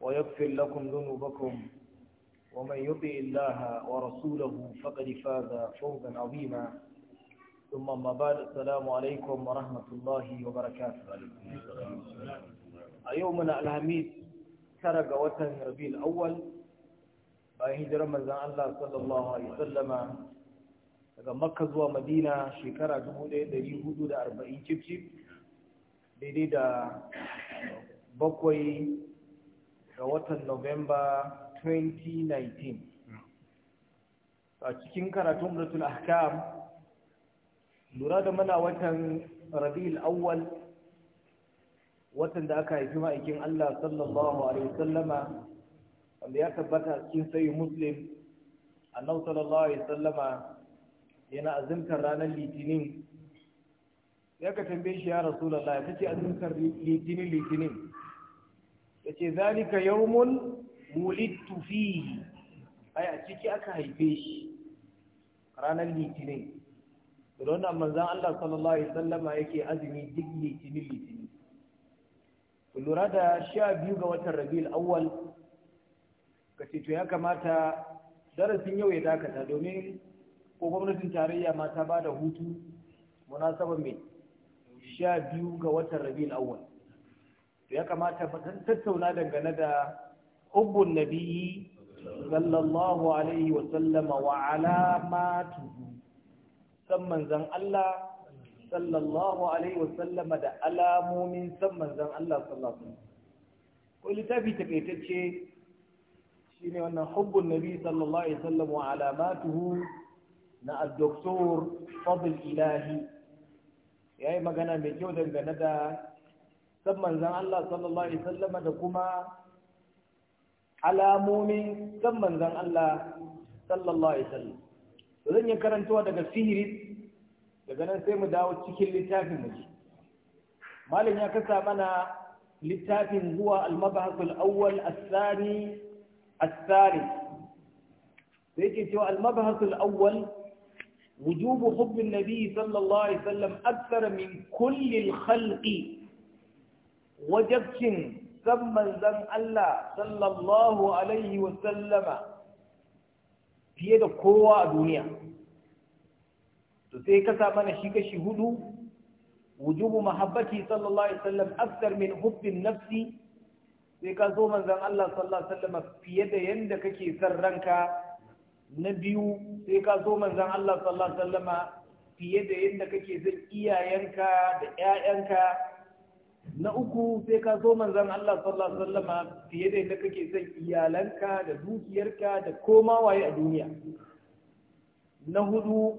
ويغفر لكم ذنوبكم ومن يطع الله ورسوله فقد فاز فوزا عظيما ثم ما بعد السلام عليكم ورحمة الله وبركاته يومنا الحميد سرق وطن ربيع الأول باهجر رمضان الله صلى الله عليه وسلم daga makka zuwa madina shekara 1440 cif-cif daidai da bakwai ga watan Novemba 2019 a cikin karatun ratul ahkam lura da mana watan rabi'ul awwal watan da aka haifi ma'aikin Allah sallallahu alaihi wasallama wanda ya tabbata cikin sayi muslim annabi sallallahu alaihi wasallama yana azumtar ranar litinin ya ka tambaye shi ya rasulullahi kace azumtar litinin litinin yace zalika yawmun wulidtu fihi ai a ciki aka haife shi ranar litinin da nan manzon Allah sallallahu Alaihi sallama yake azumi duk litinin litinin lura da sha biyu ga watan rabi'ul awwal ka to ya kamata darasin yau ya dakata domin ko gwamnatin tarayya ma ta bada hutu munasabar mai sha biyu ga watan rabi'ul Awal. ya kamata fatan tattauna dangane da hubbun nabiyyi sallallahu alaihi wa sallama wa alamatuhu san manzon Allah sallallahu alaihi wa sallama da alamomin san manzon Allah sallallahu alaihi wasallam ko littafi takaitacce shine wannan hubbun nabi sallallahu alaihi wa sallama wa alamatuhu na al-doktor Fadl Ilahi yayi magana mai kyau dangane da san manzan Allah sallallahu alaihi sallama da kuma alamomin san manzan Allah sallallahu alaihi sallam to zan yi karantawa daga sihiri daga nan sai mu dawo cikin littafin mu malam ya kasa mana littafin zuwa al awwal as-sani as sai ke cewa al-mabahas awwal wujubu hubbin Nabi صلى الله Sallam وسلم min kullin كل wajabcin san manzan Allah sallallahu alaihi wasallama fiye da kowa a duniya to sai kasa mana shi kashi hudu wujubu mahabbati sallallahu alaihi wasallam akthar min hubbin nafsi sai ka so manzan Allah sallallahu alaihi fiye da yanda kake san ranka na biyu sai ka so manzan Allah sallallahu alaihi fiye da yanda kake san iyayenka da 'ya'yanka. na uku sai ka so manzan Allah sallallahu alaihi wasallama fiye da yadda kake son iyalanka da dukiyarka da koma waye a duniya na hudu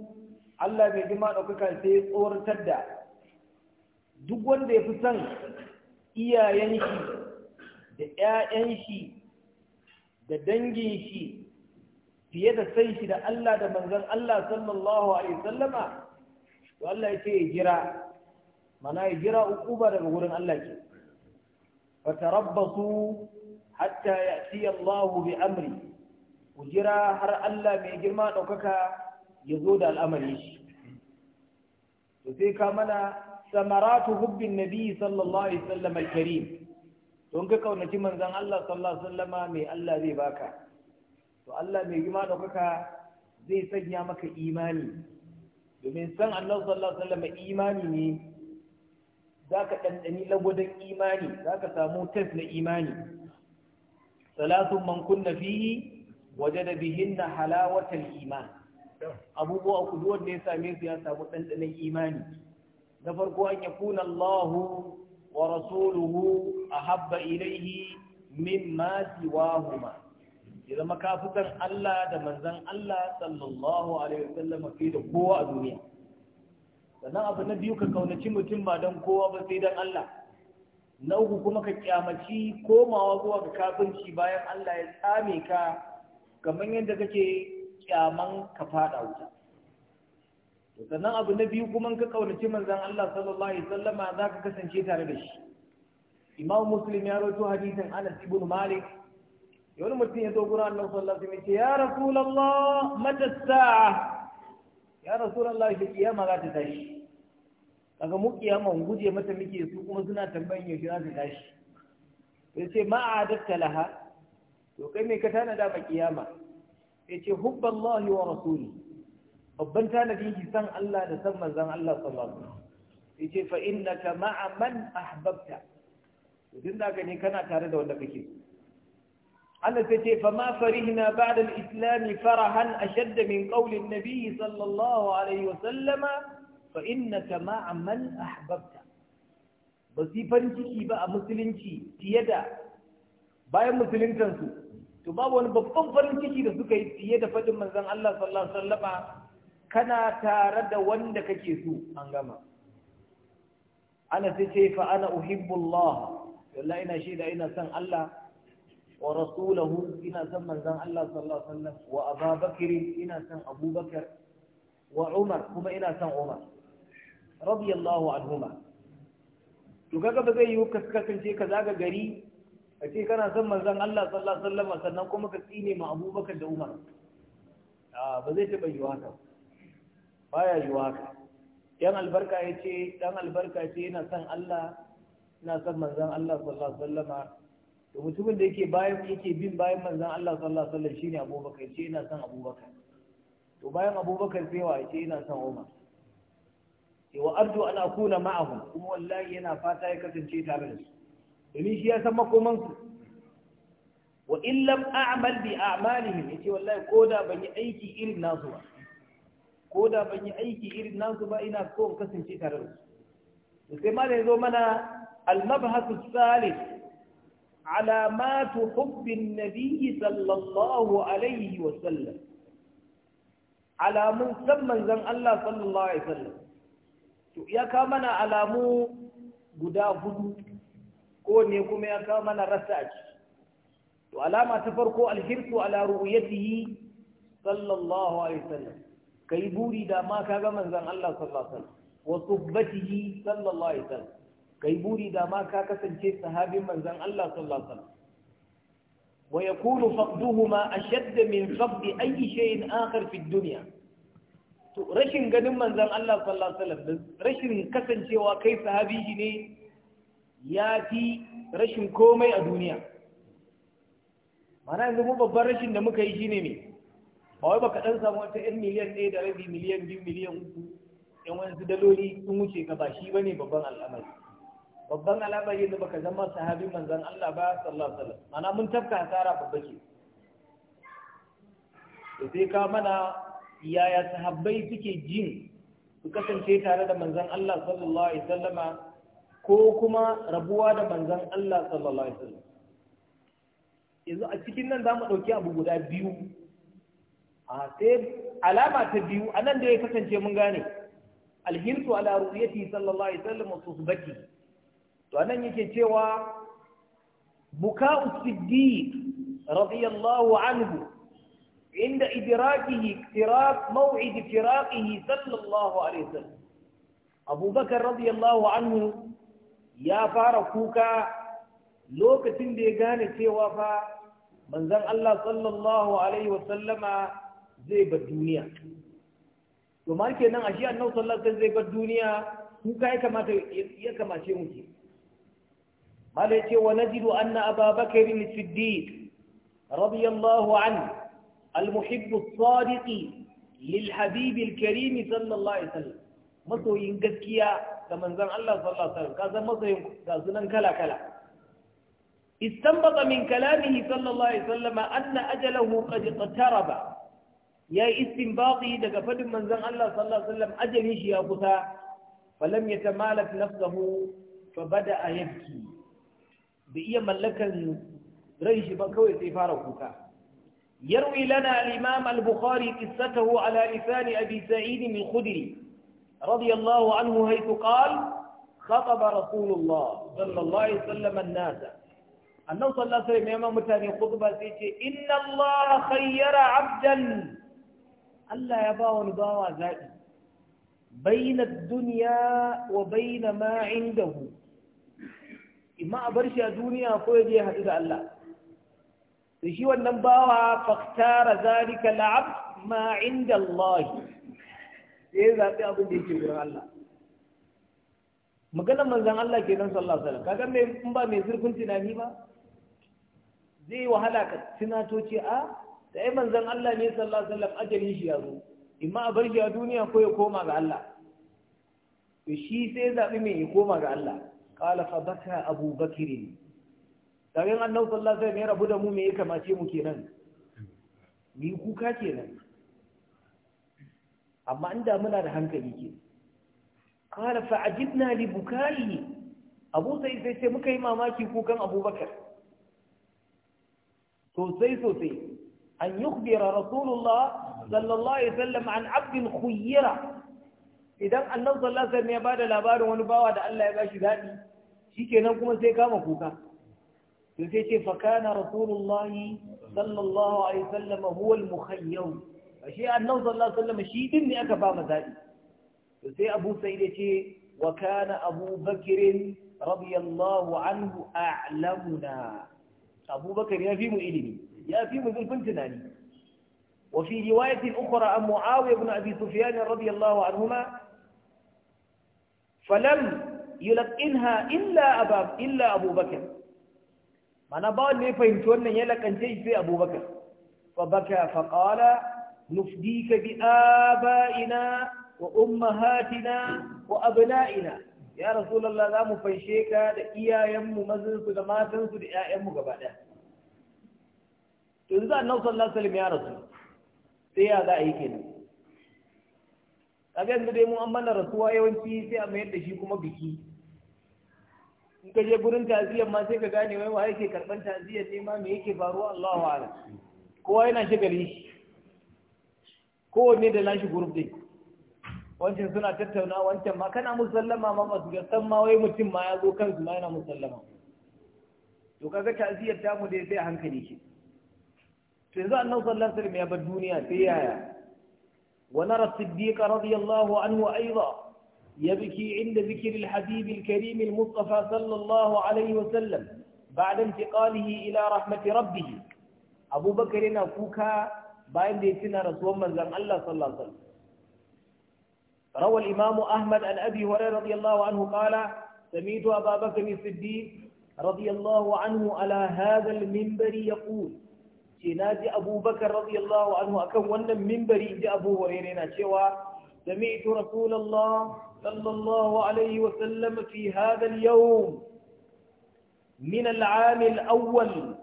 Allah bai ma ɗaukaka sai ya tsoratar da duk wanda ya fi son iyayen shi da ‘ya'yan shi da dangin shi fiye da sai shi da Allah da manzan Allah sallallahu alaihi wasallama to Allah ya ce ya jira mana ya jira ba daga wurin Allah ke fatarabbasu hatta ya'ti Allah bi amri ku jira har Allah mai girma daukaka ya zo da al'amari shi to sai ka mana samaratu hubbin nabi sallallahu alaihi wasallam al-karim don ka kaunaci manzon Allah sallallahu alaihi wasallama mai Allah zai baka to Allah mai girma daukaka zai sanya maka imani domin san Allah sallallahu alaihi wasallam imani ne za ka ɗanɗani lagwadon imani za ka samu tef na imani salatun man kunna fihi waje da bihin na halawatar iman abubuwa ku duwan ne same su ya samu ɗanɗanin imani na farko an ya kuna Allahu wa rasuluhu a habba ilaihi min ma siwahuma ya zama kafukan Allah da manzan Allah sallallahu alaihi wasallam fi da kowa a duniya sannan abu na biyu ka kaunaci mutum ba don kowa ba sai don Allah na uku kuma ka kyamaci komawa zuwa ga kafinci bayan Allah ya tsame ka kamar yadda kake kyaman ka fada wuta sannan abu na biyu kuma ka kaunaci manzan Allah sallallahu alaihi wasallama za ka kasance tare da shi Imam Muslim ya rawaito hadisin Anas ibn Malik wani mutum ya zo gurin Annabi sallallahu alaihi ya ce ya rasu mata sa'a ya Rasulullah shi kiyama za ta tashi kaga mu kiyaman guje mata muke su kuma suna tambayin yaushe za su tashi sai ce ma'adatta laha to kai me ka tana da ba kiyama sai ce hubballahi wa rasuli babban tanadi shi san Allah da san manzan Allah sallallahu alaihi wasallam sai ce fa innaka ma'a man ahbabta idan da ne kana tare da wanda kake Allah sai ce fa ma farihna ba'da al-islam farahan ashadda min qawli an-nabi sallallahu alaihi wasallama fa innaka ma'a man ahbabta ba su farin ciki ba a musulunci fiye da bayan musuluntansu to babu wani babban farin ciki da suka yi fiye da faɗin manzon Allah sallallahu alaihi wasallama kana tare da wanda kake so an gama ana sai ce fa ana uhibbullah wallahi ina shaida ina son Allah wa rasulahu ina son manzon Allah sallallahu alaihi wasallam wa Abu ina son Abubakar wa Umar kuma ina son Umar radiyallahu anhuma to kaga ba zai yi ka kasance ka zaga gari a ce kana son manzon Allah sallallahu alaihi wasallam sannan kuma ka tsine ma Abubakar da Umar a ba zai taba yi haka baya yi haka yan albarka yace dan albarka ce yana son Allah yana son manzon Allah sallallahu alaihi wasallam to mutumin da yake bayan yake bin bayan manzon Allah sallallahu alaihi wasallam shine Abubakar ce yana son Abubakar to bayan Abubakar sai wa ce yana son Umar wa ardu an akuna ma'ahum kuma wallahi yana fata ya kasance tare da su domin shi ya san makoman su wa in lam a'mal bi a'malihim yace wallahi koda ban yi aiki irin nasu ba koda ban yi aiki irin nasu ba ina so in kasance tare da su sai ma da zo mana al-mabhasu salih علامات حب النبي صلى الله عليه وسلم على من سمى زن الله صلى الله عليه ya kawo mana alamu guda hudu ko ne kuma ya kawo mana rasa a ciki to alama ta farko alhirsu ala ru'yatihi sallallahu alaihi wasallam kai buri da ma ka ga manzon Allah sallallahu alaihi wasallam wa subbatihi sallallahu alaihi wasallam kai buri da ma ka kasance sahabin manzon Allah sallallahu alaihi wasallam ويكون فقدهما أشد من فقد أي shayin آخر في الدنيا to rashin ganin manzon Allah sallallahu alaihi wasallam rashin kasancewa kai sahabi ne ya fi rashin komai a duniya mana yanzu babban rashin da muka yi shine ne ba wai baka dan samu wata yan miliyan ɗaya da rabi miliyan biyu miliyan uku yan wani daloli sun wuce ka ba shi bane babban al'amari babban al'amari da baka zama sahabi manzon Allah ba sallallahu alaihi wasallam mana mun tafka hasara babba ke. sai ka mana yaya sahabbai suke jin su kasance tare da manzon Allah sallallahu alaihi wasallama ko kuma rabuwa da manzon Allah sallallahu alaihi wasallam yanzu a cikin nan za mu ɗauki abu guda biyu a sai alama ta biyu a nan da ya kasance mun gane alhirsu ala ru'yati sallallahu alaihi wasallam su baki. to anan yake cewa buka'u siddiq radiyallahu anhu عند إدراكه اقتراب موعد فراقه صلى الله عليه وسلم أبو بكر رضي الله عنه يا فاركوكا لوكتين دي غاني سيوا فا منزل الله صلى الله عليه وسلم زي بالدنيا to ma kenan ashe annabi sallallahu alaihi wasallam zai bar duniya kuka ya kamata ya kamace mu ke mala yace wa najidu anna ababakar as-siddiq المحب الصادق للحبيب الكريم صلى الله عليه وسلم masoyin gaskiya ga manzon Allah sallallahu alaihi wasallam ka san masoyin ga sunan kala kala istanbata min kalamihi sallallahu alaihi wasallam anna ajalahu qad iqtaraba ya daga faɗin manzon Allah sallallahu alaihi ajalin shi ya kusa falam yatamalak nafsuhu fa bada'a yabki bi iya mallakan ran shi ba kawai sai fara kuka يروي لنا الإمام البخاري قصته على لسان أبي سعيد الخدري رضي الله عنه حيث قال خطب رسول الله صلى الله عليه وسلم الناس أنه صلى الله عليه وسلم يما متاني خطبة سيتي إن الله خير عبدا ألا يباو نباوى ذاتي بين الدنيا وبين ما عنده إما أبرش الدنيا فوق يدي حدود الله da shi wannan bawa faktara zalika la'ab ma inda Allah sai zaɓi abin da yake wurin Allah maganar manzan Allah ke nan sallallahu alaihi kaga mai in ba mai zurfin tunani ba zai wahala ka tunato ce a da ai manzan Allah ne sallallahu alaihi wasallam ajali shi ya zo imma a bar shi a duniya ko ya koma ga Allah to shi sai zaɓi mai ya koma ga Allah qala fa baka Bakirin. kaga in annabi sallallahu alaihi wasallam rabu da mu me ya kamace mu kenan ni kuka kenan amma inda muna da hankali ke qala fa ajibna li bukai abu sai sai sai muka yi mamaki kukan abubakar sosai sosai an yi yukhbira rasulullah sallallahu alaihi sallam an abdin khuyira idan annabi sallallahu alaihi ya ba da labarin wani bawa da Allah ya bashi dadi shikenan kuma sai kama kuka تفتي فكان رسول الله صلى الله عليه وسلم هو المخير أشياء النوز الله صلى الله عليه وسلم شيدني أكفى مزاري تفتي أبو سيدتي وكان أبو بكر رضي الله عنه أعلمنا أبو بكر يا في مؤلم يا في مؤلم ذو الفنتناني وفي رواية أخرى عن معاوية بن أبي سفيان رضي الله عنهما فلم يلقنها إلا أبا إلا أبو بكر mana ba wanda ya fahimci wannan ya lakance sai abubakar fa baka fa qala nufdika bi abaina wa ummahatina wa abna'ina ya rasulullah za mu fanshe ka da iyayenmu su da matansu da ƴaƴanmu gaba ɗaya to yanzu annabi sallallahu alaihi wasallam ya rasu sai ya za a yi kenan kaga yanzu dai mu an rasuwa yawanci sai a mayar da shi kuma biki in ka je gurin ta'ziyar ma sai ka gane wai wa yake karban ta'ziyar ne ma me yake faruwa Allahu a'ala kowa yana shagali shi kowanne da nashi group dai wancan suna tattauna wancan ma kana musallama ma masu gasar ma wai mutum ma ya zo kansu ma yana musallama to kaga ta'ziyar ta mu dai sai hankali shi to yanzu annabi sallallahu alaihi wasallam ya bar duniya sai yaya wa nara siddiqa radiyallahu anhu aidan يبكي عند ذكر الحبيب الكريم المصطفى صلى الله عليه وسلم بعد انتقاله إلى رحمة ربه أبو بكر أكوكا بعد يتنا رسول من زم الله صلى الله عليه وسلم روى الإمام أحمد عن أبي هريرة رضي الله عنه قال سميت أبا بكر الصديق رضي الله عنه على هذا المنبر يقول شناج أبو بكر رضي الله عنه أكون منبري جاء أبو هريرة شوى سمعت رسول الله صلى الله عليه وسلم في هذا اليوم من العام الأول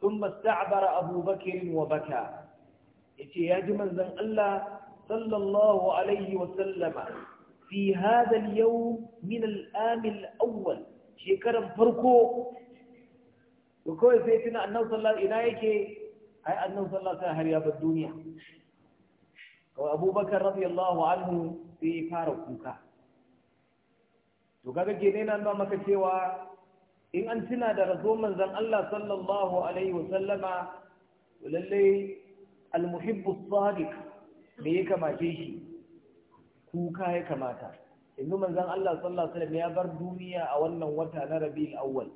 ثم استعبر أبو بكر وبكى يتياج يا ذن الله صلى الله عليه وسلم في هذا اليوم من العام الأول شكرا فرقو وكوي سيتنا أنه صلى الله إليك أي أنه صلى الله عليه وسلم kawai abubakar radiyallahu anhu sai ya fara kuka to kaga ke ne nan ba maka cewa in an tuna da razo manzon Allah sallallahu alaihi wa sallama lalle almuhibbu sadiq me ya kamace shi kuka ya kamata yanzu manzon Allah sallallahu alaihi wa sallam ya bar duniya a wannan wata na Rabiul Awwal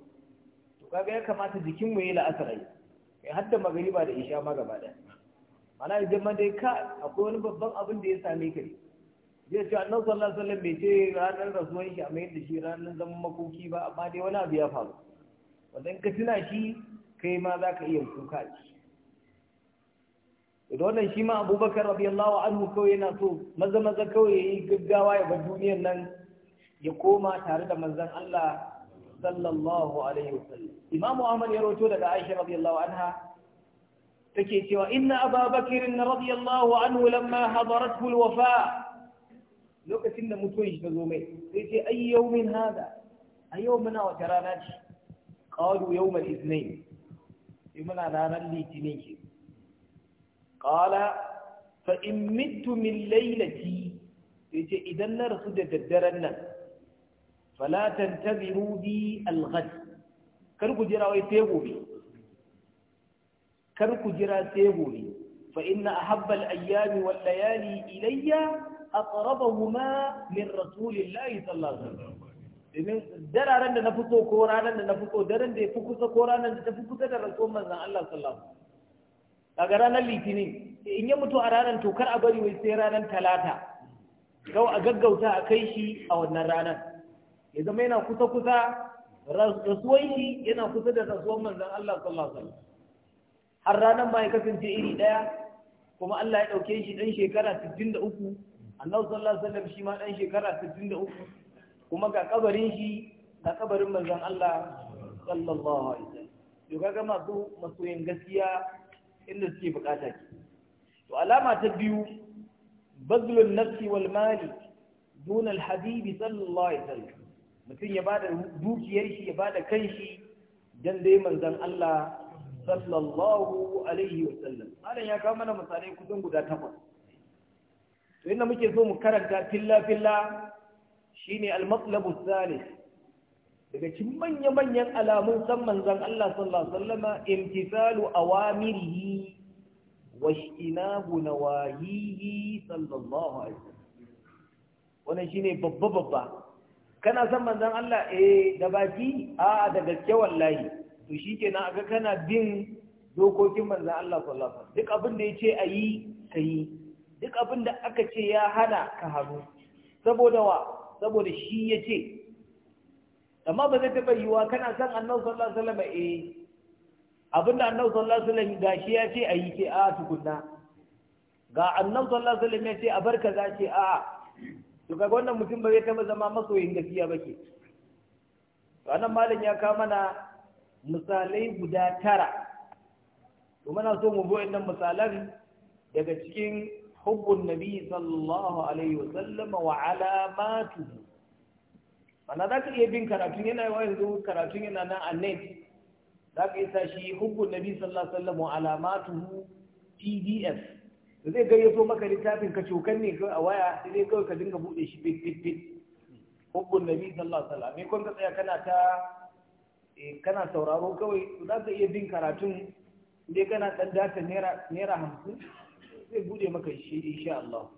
to kaga ya kamata jikinmu ya yi la'asarai, ya hadda magariba da isha ma gaba daya mana ya ma dai ka akwai wani babban abin da ya same ka ne zai ce annan sallallahu alaihi bai ce ranar rasuwan shi a mai da shi ranar zaman makoki ba amma dai wani abu ya faru wadda ka tuna shi kai ma za ka iya kuka shi Idan wannan shi ma abubakar radiyallahu anhu kawai yana so maza maza kawai ya yi gaggawa ya bar duniyan nan ya koma tare da manzon Allah sallallahu alaihi wasallam imamu Ahmad ya roto daga Aisha radiyallahu anha تكيتي وإن أبا بكر رضي الله عنه لما حضرته الوفاة لو كتن متويج نزومي تكيتي أي يوم هذا أي يومنا وترانات قالوا يوم الاثنين يومنا أنا اللي تنين قال فإن مت من ليلتي تكيتي إذا نرسد تدرنا فلا تنتظروا بي الغد كركو جراوي تيغو بي kar ku jira sai gobe fa inna ahabbal ayyami wal layali ilayya aqrabahuma min rasulillahi sallallahu alaihi wasallam domin dararen da na fi so ko ranar da na fi so daren da ya fi kusa ko ranar da ta fi kusa da rasuwan manzon Allah sallallahu alaihi wasallam kaga ranar litinin in ya mutu a ranar to kar a bari wai sai ranar talata kau a gaggauta a kai shi a wannan ranar ya zama yana kusa kusa rasuwan shi yana kusa da rasuwan manzon Allah sallallahu alaihi wasallam har ranar ma ya kasance iri ɗaya kuma Allah ya ɗauke shi ɗan shekara 63 annabi sallallahu alaihi wasallam shi ma ɗan shekara 63 kuma ga kabarin shi ga kabarin manzon Allah sallallahu alaihi wasallam to kaga masu masoyin gaskiya inda suke bukata ki to alama ta biyu bazlun nafsi wal mali دون الحبيب صلى الله عليه وسلم mutum ya bada dukiyar shi ya bada kanshi dan dai manzon Allah sallallahu alaihi wa sallam malam ya kawo mana misalai kusan guda takwas to inda muke so mu karanta filla filla shine al-matlabu thalith daga cikin manya-manyan alamun san manzon Allah sallallahu alaihi wasallama imtisalu awamirihi wa ijtinabu nawahihi sallallahu alaihi wasallam wannan shine babba babba kana san manzon Allah eh da baki a da gaske wallahi to na aga kana bin dokokin manzan Allah sallallahu alaihi duk abin da yi, ka yi. duk abin da aka ce ya hana ka hannu. saboda wa saboda shi ya ce. amma ba zai taba yiwa kana san Annabi sallallahu alaihi wasallam eh abinda Annabi sallallahu alaihi wasallam shi ya ce a yi ce a tukunna ga Annabi sallallahu alaihi wasallam ya ce a barka za ce a to ga wannan mutum ba zai taba zama masoyin gaskiya ba ke to anan malam ya kawo mana misalai guda tara to muna so mu bi nan misalan daga cikin hubbun nabi sallallahu alaihi wa sallama wa alamatuhu mana za ka iya bin karatun yana yawa yanzu karatun yana nan a net za ka isa shi hubbun nabi sallallahu alaihi wa sallama wa alamatuhu pdf da zai gayyato maka littafin ka cokan ne a waya sai dai kawai ka dinga buɗe shi bit bit bit hubbun nabi sallallahu alaihi wa sallam me kon ka tsaya kana ta Eh, kana sauraro kawai za ka iya bin karatun dai kana ɗan data naira hamsin zai buɗe maka shi insha Allah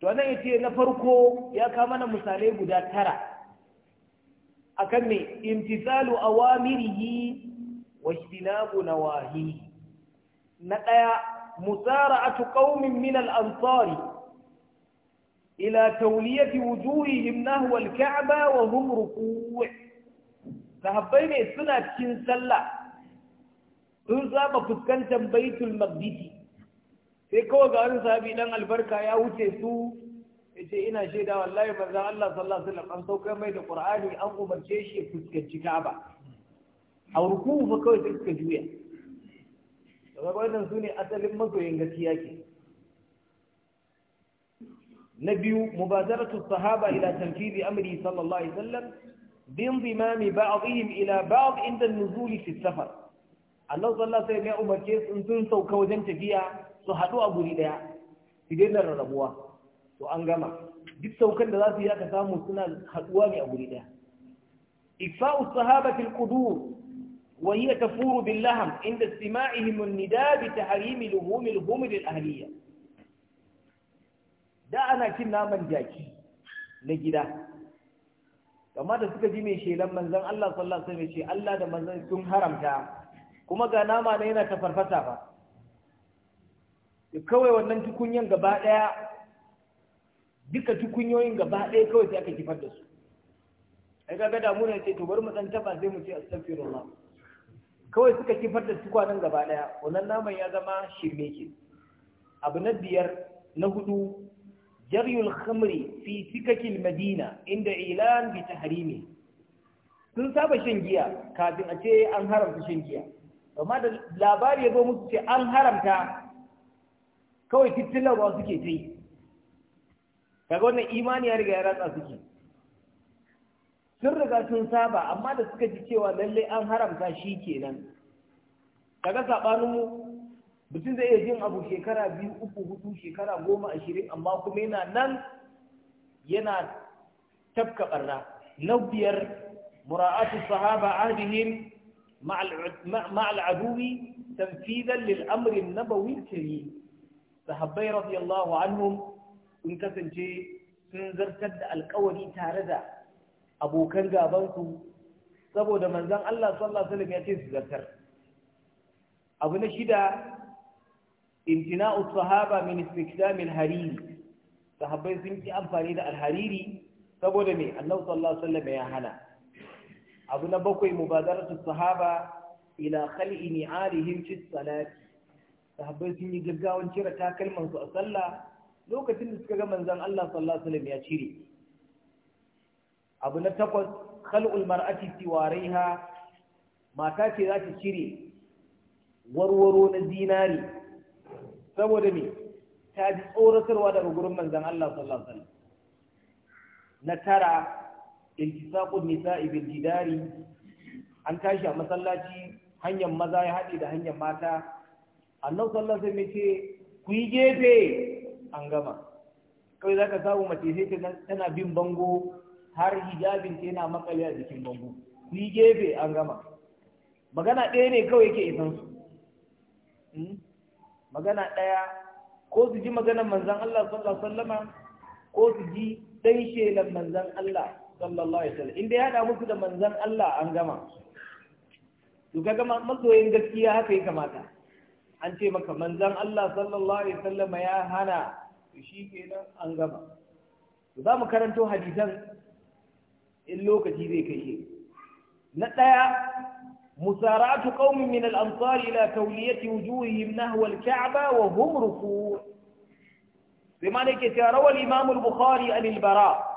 to ya ce na farko ya kama na misalai guda tara akan me imtisalu awamirihi wa ijtinabu nawahihi na ɗaya musara'atu qaumin min al-ansari ila tawliyati wujuhihim nahwa al-ka'ba wa hum ruku' sahabbai ne suna cikin sallah sun saba fuskantar baitul maqdisi sai kawai ga wani sahabi dan albarka ya wuce su yace ina shaida wallahi manzo Allah sallallahu alaihi wasallam an saukar mai da Qur'ani an umarce shi ya fuskanci Ka'aba a ruku fa kawai sai suka juya daga wannan sune asalin masoyin gaskiya ke na biyu mubadaratu sahaba ila tanfidi amri sallallahu alaihi wasallam بانضمام بعضهم الى بعض عند النزول في السفر الله صلى الله عليه وسلم امرك ان تنسوا كوجن تفيا سو حدو ابو ري ديا في دين الربوا تو ان غما duk saukan da za su yi aka samu suna haduwa ne a guri daya ifa'u sahabati al-qudur wa hiya tafuru billaham inda istima'ihim an-nida bi tahrim luhum al-humud al-ahliya da ana cin naman jaki na gida kamar da suka ji mai shelan manzan Allah sallallahu alaihi wasallam ce Allah da manzan sun haramta kuma ga nama ne yana ta ba kawai wannan tukunyan gaba daya duka tukunyoyin gaba daya kawai sai aka kifar da su ai kaga damu ne ce to bari mu dan taba sai mu ce astaghfirullah kawai suka kifar da tukwanan gaba daya wannan naman ya zama shirme ke abu na biyar na hudu جري الخمر في سكك المدينة عند إعلان بتحريمه sun saba shan giya kafin a ce an haramta shan giya amma da labari ya zo musu ce an haramta kawai ba suke ta yi kaga wannan imani ya riga ya ratsa suke sun riga sun saba amma da suka ji cewa lallai an haramta shi kenan kaga mu. mutum zai iya jin abu shekara biyu uku hudu shekara goma ashirin amma kuma yana nan yana tafka ɓarna. na biyar mura'atu sahaba ahdihim مع lil تنفيذا للأمر النبوي الكريم sahabbai radiyallahu anhum sun kasance sun zartar da alkawari tare da abokan gabansu saboda manzon Allah sallallahu alaihi wasallam ya ce su zartar abu na shida imtina'u sahaba min hariri sahabbai sun ki amfani da alhariri saboda me annabi sallallahu alaihi wasallam ya hana abu na bakwai mubadaratu sahaba ila khal'i ni'alihim fi salati sahabbai sun yi gaggawan cire takalman su a sallah lokacin da suka ga manzon Allah sallallahu alaihi wasallam ya cire abu na takwas khal'ul mar'ati siwariha mata ce za ta cire warwaro na zinari saboda ne, ta ji tsoratarwa daga gurin manzan Allah sallallahu alaihi wasallam na tara iltisaqun nisa'i bil jidari an tashi a masallaci hanyar maza ya haɗe da hanyar mata annabi sallallahu alaihi wasallam ya ce ku yi gefe an gama kawai za ka samu mace sai ta tana bin bango har hijabin ta yana makale a jikin bango ku yi gefe an gama magana ɗaya ne kawai ke isan su hmm? magana ɗaya ko su ji maganar manzan Allah sallallahu alaihi wasallama ko su ji dan shelan manzan Allah sallallahu alaihi wasallam inda ya hada musu da manzan Allah an gama to kaga masoyin gaskiya haka ya kamata an ce maka manzan Allah sallallahu alaihi wasallama ya hana to shikenan an gama to za mu karanto hadisan in lokaci zai kai na ɗaya مسارعة قوم من الأمصار إلى تولية وجوههم نحو الكعبة وهم ركوع بمعنى كتاروى الإمام البخاري عن البراء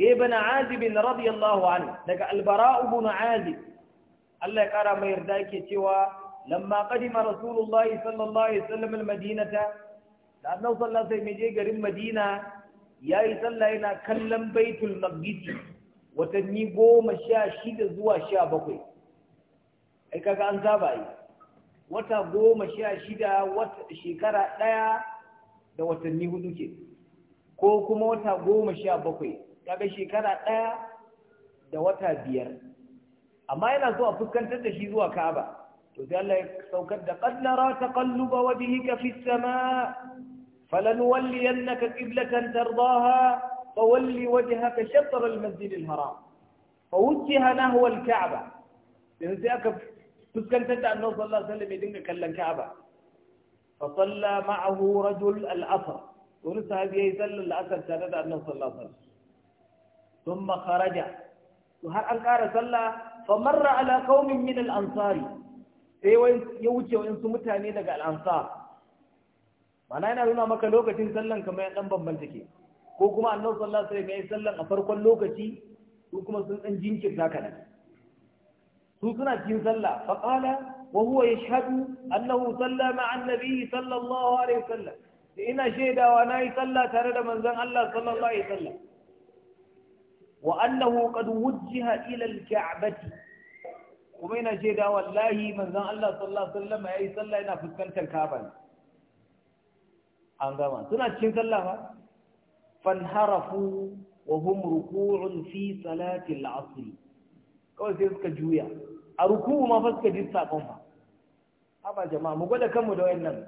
ابن عازب رضي الله عنه لك البراء بن عازب الله يقرأ ما يرداك سوى لما قدم رسول الله صلى الله عليه وسلم المدينة لأنه صلى الله عليه وسلم يجي قريب مدينة ya yi sallah yana kallon baitul maqdis watanni goma sha shida zuwa sha bakwai ai kaga an saba yi wata goma sha shida shekara ɗaya da watanni hudu ke ko kuma wata goma sha bakwai kaga shekara ɗaya da wata biyar amma yana so fuskantar da shi zuwa ka'aba to sai Allah ya saukar da qad nara taqalluba wajhika fi as-samaa falanuwalliyannaka qiblatan tardaha fawalli wajhaka shatr al-masjid al-haram fawajjaha nahwa al-ka'ba sai aka fuskantar da annabi sallallahu alaihi wasallam ya dinga kallon Ka'aba fa salla ma'ahu rajul al-asr wani sahabi yayi sallar al-asr tare da annabi sallallahu alaihi wasallam thumma kharaja to har an ƙara sallah fa marra ala qaumin min al-ansari sai ya wuce wasu mutane daga al-ansar mana yana nuna maka lokacin sallan kamar ya dan bambanta ke ko kuma annabi sallallahu alaihi wasallam yayi sallan a farkon lokaci ko kuma sun dan jinkirta kadan su suna cikin sallah fa qala wa huwa yashhadu annahu salla ma'a annabi nabi sallallahu alaihi wasallam ina shaidawa nayi sallah tare da manzon Allah sallallahu alaihi wasallam wa annahu qad wujjiha ila al-ka'bati kuma ina shaida wallahi manzon Allah sallallahu alaihi wasallam yayi sallah ina fuskantar Kaaba an gama suna cikin sallah ba fanharafu wa hum ruku'un fi salati al-'asr kawai sai suka juya a ruku'u ma fa suka ji sakon fa haba jama'a mu gwada kanmu da wayannan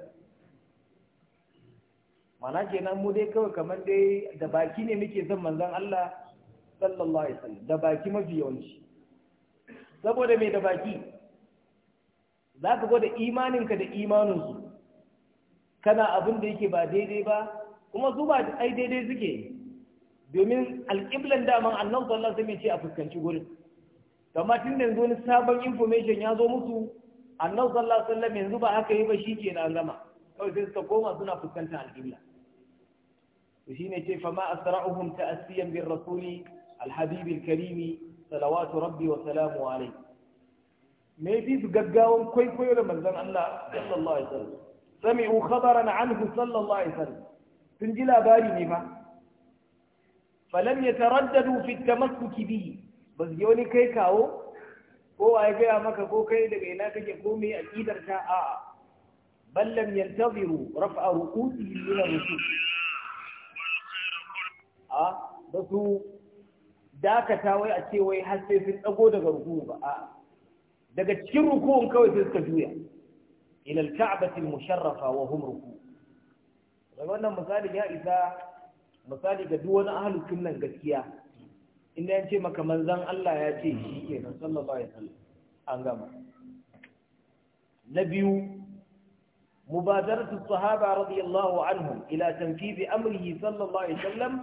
mana kenan mu dai kawai kamar dai da baki ne muke son manzon Allah sallallahu alaihi wasallam da baki mafi yawanci saboda me da baki za ka gwada imaninka da imaninsu kana abin da yake ba daidai ba kuma su ba ai daidai suke domin alƙiblan daman annan sallallahu alaihi wasallam ce a fuskanci gurin amma tun da yanzu wani sabon information ya zo musu annabi sallallahu alaihi wasallam yanzu ba haka yi ba shi ke na gama kawai sai suka koma suna fuskantar alƙibla to shine ce fa ma asra'uhum ta'assiyan bir rasuli alhabib alkarimi salawatu rabbi wa salamu alayhi me fi su gaggawan kwaikwayo da manzon Allah sallallahu alaihi wasallam sami'u khabaran anhu sallallahu alaihi wasallam sun ji labari ne fa falam yataraddadu fi tamassuki bihi ba su wani kai kawo ko a ya gaya maka ko kai daga ina kake ko mai aƙidar ta a ballam yantaziru rafa ru'usi min rusul a ba su dakata wai a ce wai har sai sun ɗago daga ruku ba a daga cikin rukun kawai sai suka juya ila al-ka'bati al-musharrafa wa hum ruku wannan misali ya isa misali ga duk wani ahlus gaskiya inda ya ce maka manzan Allah ya ce shi ke nan sallallahu alaihi wasallam an gama na biyu mubadaratu sahaba radiyallahu anhum ila tanfidhi amrihi sallallahu alaihi wasallam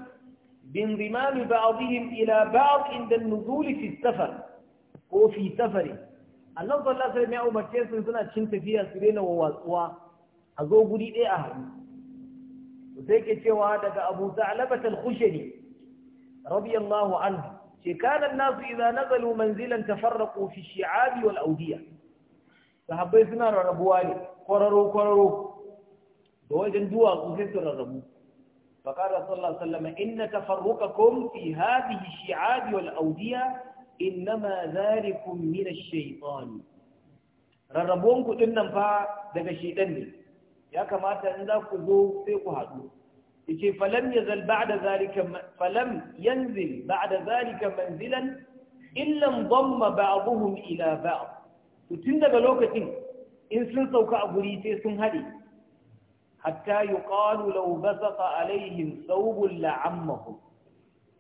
بانضمام بعضهم إلى بعض عند النزول في السفر ko fi safari Allah sallallahu alaihi wasallam ya umarce su suna cin tafiya su daina wawatsuwa a zo guri ɗaya a hannu sai ke cewa daga Abu Za'labat al-Khushani رضي الله عنه كان الناس إذا نزلوا منزلا تفرقوا في الشعاب والأودية فحبيثنا ربوالي قرروا قرروا دواجن دواء قفتنا ربو فقال صلى الله عليه وسلم إن تفرقكم في هذه الشعاب والأودية إنما ذلك من الشيطان ربوانكم إنما فا ذلك الشيطان يا كما تنزلوا قفتوا قفتوا yace falam yazal ba zalika falam yanzil ba'da zalika manzilan illa dhamma ba'dhum ila ba'd to tun daga lokacin in sun sauka a guri sai sun hade hatta yuqalu law basaqa alaihim thawbun la'ammahum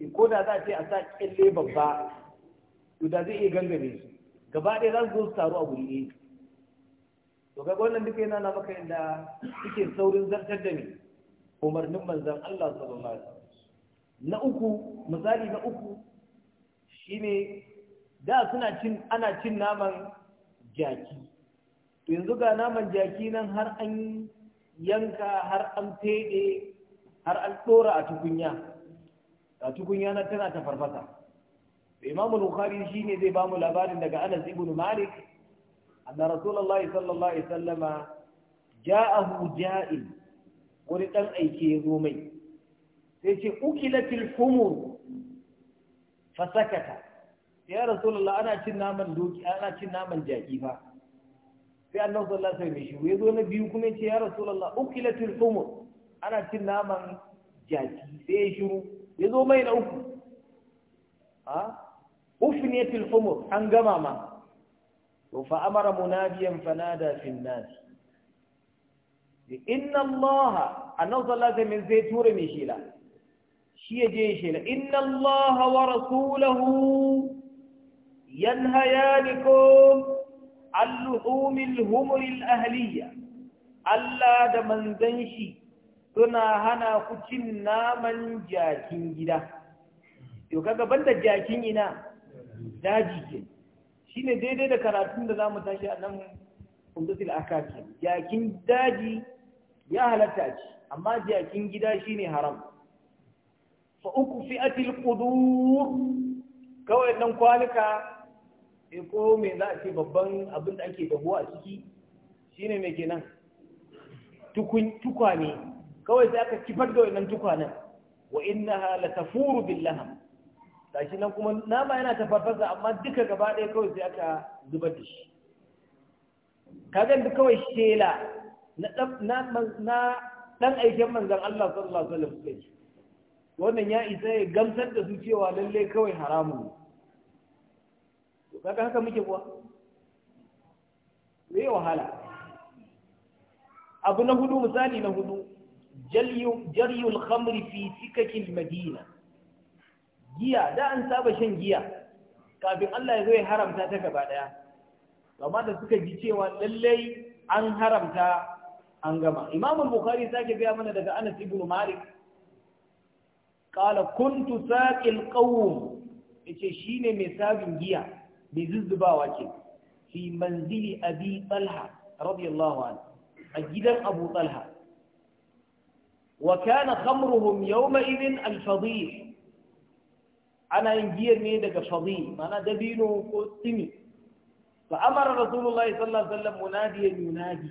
in ko da za a ce a sa kelle babba to da zai iya gangare su gaba ɗaya za su zo su taru a guri ɗaya to ga wannan duka yana na maka yadda suke saurin zartar da ni umarnin manzan Allah sallallahu alaihi na uku misali na uku shine da suna cin ana cin naman jaki to yanzu ga naman jaki nan har an yanka har an fede har an dora a tukunya a tukunya na tana ta farfasa imam bukhari shine zai ba mu labarin daga Anas ibn Malik anna rasulullahi sallallahu alaihi wasallama ja'ahu ja'il wani ɗan aiki ya zo mai sai ce ukilatil humur fasakata ya rasulullah ana cin naman doki ana cin naman jaki fa sai annabi sallallahu alaihi wasallam shi ya zo na biyu kuma ce ya rasulullah ukilatil humur ana cin naman jaki sai ya shiru ya zo mai na uku a ufniyatil humur an gama ma to fa amara munadiyan fanada fil nasi inna allaha annabi sallallahu alaihi wasallam zai tura mai shela shi ya je shela inna allaha wa rasulahu yanhayanikum al-luhumil humuril ahliya Allah da manzon shi suna hana ku cin naman jakin gida to kaga banda jakin ina daji ke shine daidai da karatun da zamu tashi a nan umdatul akaki jakin daji ya halatta a ci amma jakin gida shine haram fa uku fi'atil qudur kawai ɗan kwanuka e ko me za a ce babban abin da ake dahuwa a ciki shine me kenan tukun tukwane kawai sai aka kifar da wannan tukwanen wa innaha latafuru tafuru laham tashi nan kuma nama yana tafarfasa amma duka gaba ɗaya kawai sai aka zubar da shi kagan da kawai shela na ɗan aiken manzan Allah sallallahu Alaihi wasallam suka wannan ya isa ya gamsar da su cewa lalle kawai haramun ne kaga haka muke kuwa ya wahala abu na hudu misali na hudu jaryul khamri fi sikakin madina giya da an saba shan giya kafin Allah ya zo ya haramta ta gaba ɗaya. amma da suka ji cewa lallai an haramta an gama imam al-bukhari sake ga mana daga anas ibn malik qala kuntu saqil qawm yace shine mai sabin giya bai zuzzubawa ce fi manzili abi talha radiyallahu anhu a gidan abu talha wa kana khamruhum yawma idin al-fadih ana yin giyar ne daga fadih mana dabino ko tsimi fa amara rasulullahi sallallahu alaihi wasallam munadiyan yunadi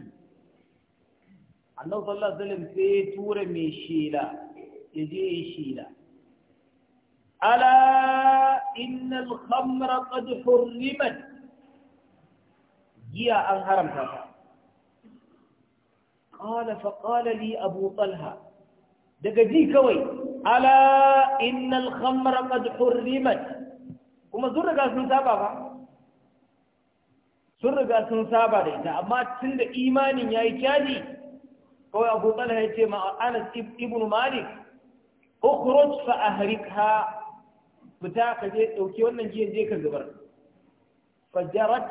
annabi sallallahu alaihi sai ya tura mai shela ya je ya shela ala Inna innal khamra qad hurrimat giya an haramta ta qala fa qala li abu talha daga ji kawai ala Inna innal khamra qad hurrimat kuma sun riga sun saba ba sun riga sun saba da ita amma da imanin ya yi caji kawai abu talha ya ce ma anas ibn malik ukhruj fa ahrikha fita ka je dauki wannan giyan je ka zubar fajarat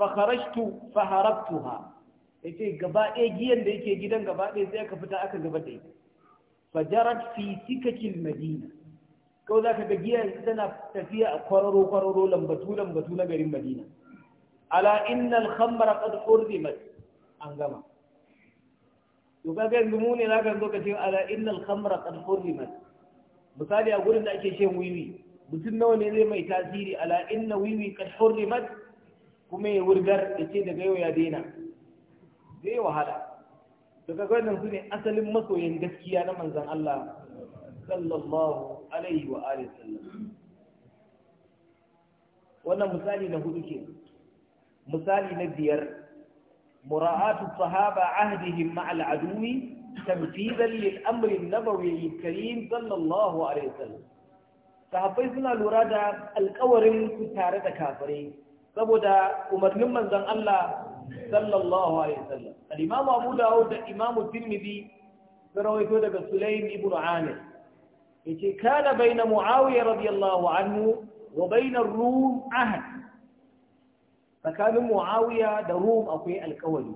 fa kharajtu fa harabtuha yace gaba ɗaya giyan da yake gidan gaba ɗaya sai aka fita aka zubar da ita fajarat fi sikakil madina kawai za ka ga giyan tana tafiya a kwararo kwararo lambatu lambatu na garin madina ala innal khamra qad hurrimat an gama to ga yanzu mu ne ka zo ka ce ala innal khamra qad hurimat misali a gurin da ake shan wiwi mutum nawa ne zai mai tasiri ala inna wiwi qad hurimat kuma ya wurgar da ce daga yau ya daina zai wahala to kaga ga su ne asalin masoyan gaskiya na manzon Allah sallallahu alaihi wa alihi sallam wannan misali na hudu ke misali na biyar مراعاة الصحابة عهدهم مع العدو تنفيذا للأمر النبوي الكريم صلى الله عليه وسلم sahabbai suna lura da alkawarin su tare da kafirai saboda umarnin manzon Allah sallallahu alaihi wasallam al-imamu Abu Dawud da imamu Tirmidhi sun rawaito daga Sulaim ibn Amir yace kana baina Muawiya radiyallahu anhu wa baina Rum ahad tsakanin muawiya da rum akwai alkawari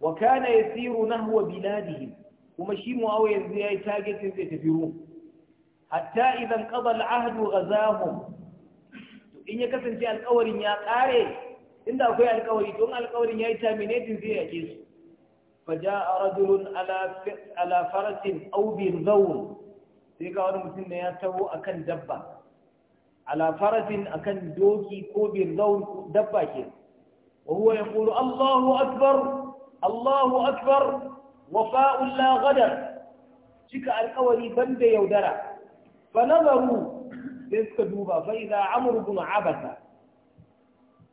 wa kana yasiru nahwa biladihim kuma shi muawiya yanzu yayi targeting zai tafi rum hatta idan qada al-ahd ghazahum to in ya kasance alkawarin ya kare inda akwai alkawari to in alkawarin yayi terminating zai yake su فجاء رجل على على فرس او sai ka wani mutum da ya taho akan dabba ala farasin akan doki ko birzaun dabba ke wa ya yaqulu Allahu akbar Allahu akbar wafa'un la ghadar cika alƙawari banda yaudara fa nazaru sai suka duba fa idza amr abasa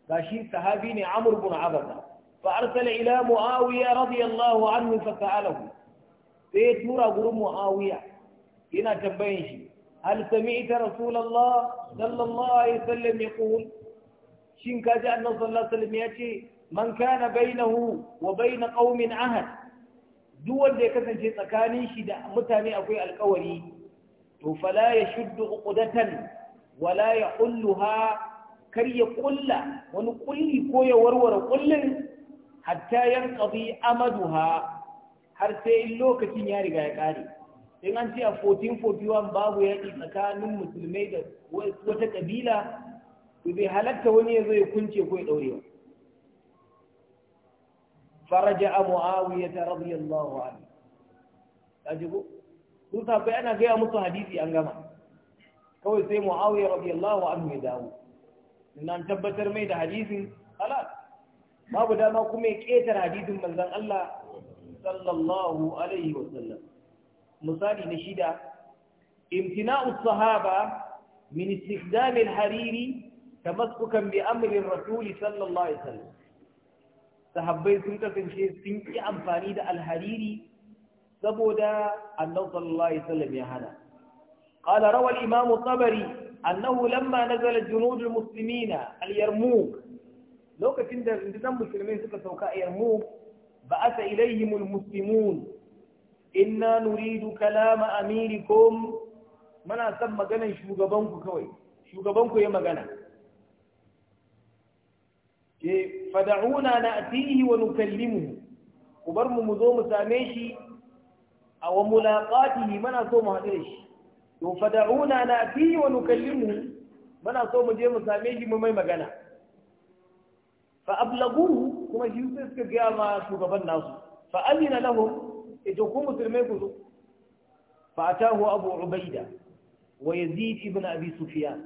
gashi sahabi ne amr abasa fa arsala ila muawiya radiyallahu anhu fa sa'alahu sai tura gurin muawiya yana tambayin shi هل سمعت رسول الله صلى الله عليه وسلم يقول شين كاجا أنه صلى الله عليه وسلم يأتي من كان بينه وبين قوم عهد دول دي كسن شيء تكاني شد متاني أقوي القولي فلا يشد عقدة ولا يحلها كري قل ونقل كوي ورور قل حتى ينقضي أمدها har sai lokacin ya riga ya ƙare in an ce a 1441 babu yaƙi tsakanin musulmai da wata ƙabila to bai halatta wani ya zai kunce ko ya ɗaure ba faraja a ya ta wa anhu ta ji ko su safai ana gaya musu hadisi an gama kawai sai mu'awiyya wa anhu ya dawo nan tabbatar mai da hadisin ala babu dama kuma ya ƙetar hadisin manzan Allah sallallahu alaihi wa sallam مثالي نشيدة امتناء الصحابة من استخدام الحريري تمسكا بأمر الرسول صلى الله عليه وسلم صحابين سنتا تنشي سنكي أمفاني دا الحريري سبودا أنه صلى الله عليه وسلم يا يهانا قال روى الإمام الطبري أنه لما نزل جنود المسلمين اليرموك لو كنت تنشي المسلمين سكا سوكا يرموك بأس إليهم المسلمون inna nuridu kalama amirikum muna son maganan shugabanku kawai shugabanku ya magana ke fada'una na atihi wa nukallimu ku bar mu mu zo mu same shi a wa mulaqatihi muna so mu haɗu da shi to fada'una na atihi wa nukallimu muna so mu je mu same shi mu mai magana fa ablaguhu kuma shi suka gaya ma shugaban nasu fa azina lahum فأتاه أبو عبيدة ويزيد ابن أبي سفيان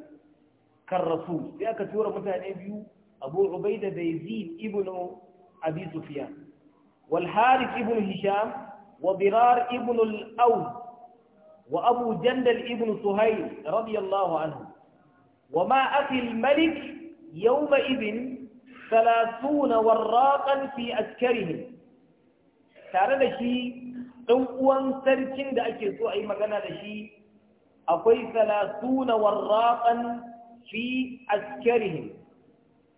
كالرسول في أكثر مثلا أبيو أبو عبيدة بيزيد ابن أبي سفيان والحارث ابن هشام وضرار ابن الأوز وأبو جندل ابن سهيل رضي الله عنه وما أتي الملك يومئذ ثلاثون وراقا في أسكرهم تعرض شيء ɗan uwan sarkin da ake so a yi magana da shi akwai salasuna warraqan fi askarihim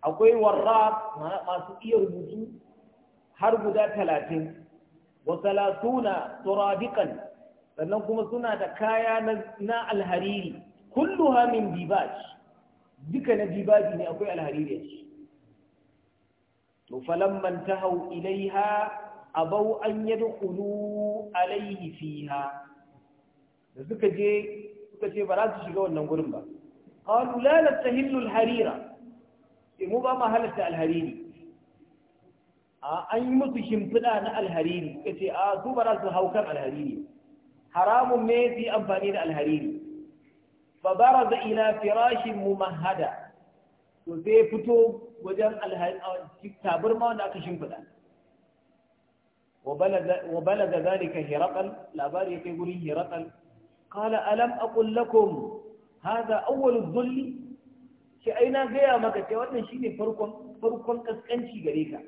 akwai warraq masu iya rubutu har guda talatin wa salasuna turadiqan sannan kuma suna da kaya na alhariri kullu min dibaj duka na dibaji ne akwai alhariri to falamman hau ilaiha abau an yadkhulu alayhi fiha da suka je suka ce ba za su shiga wannan gurin ba qalu la natahillu alharira sai eh, mu ba mu halatta alhariri a an yi musu shimfiɗa na alhariri suka ce a su ba za su hau kan alhariri haramun me su yi amfani da alhariri fa baraza ila firashin mumahada to zai fito wajen tabarma wanda aka shimfiɗa wa balaga zalika hiraqal labari kai gurin hiraqal qala alam aqul lakum hadha awwal adh-dhull shi ai na gaya maka ce wannan shine farkon farkon kaskanci gare ka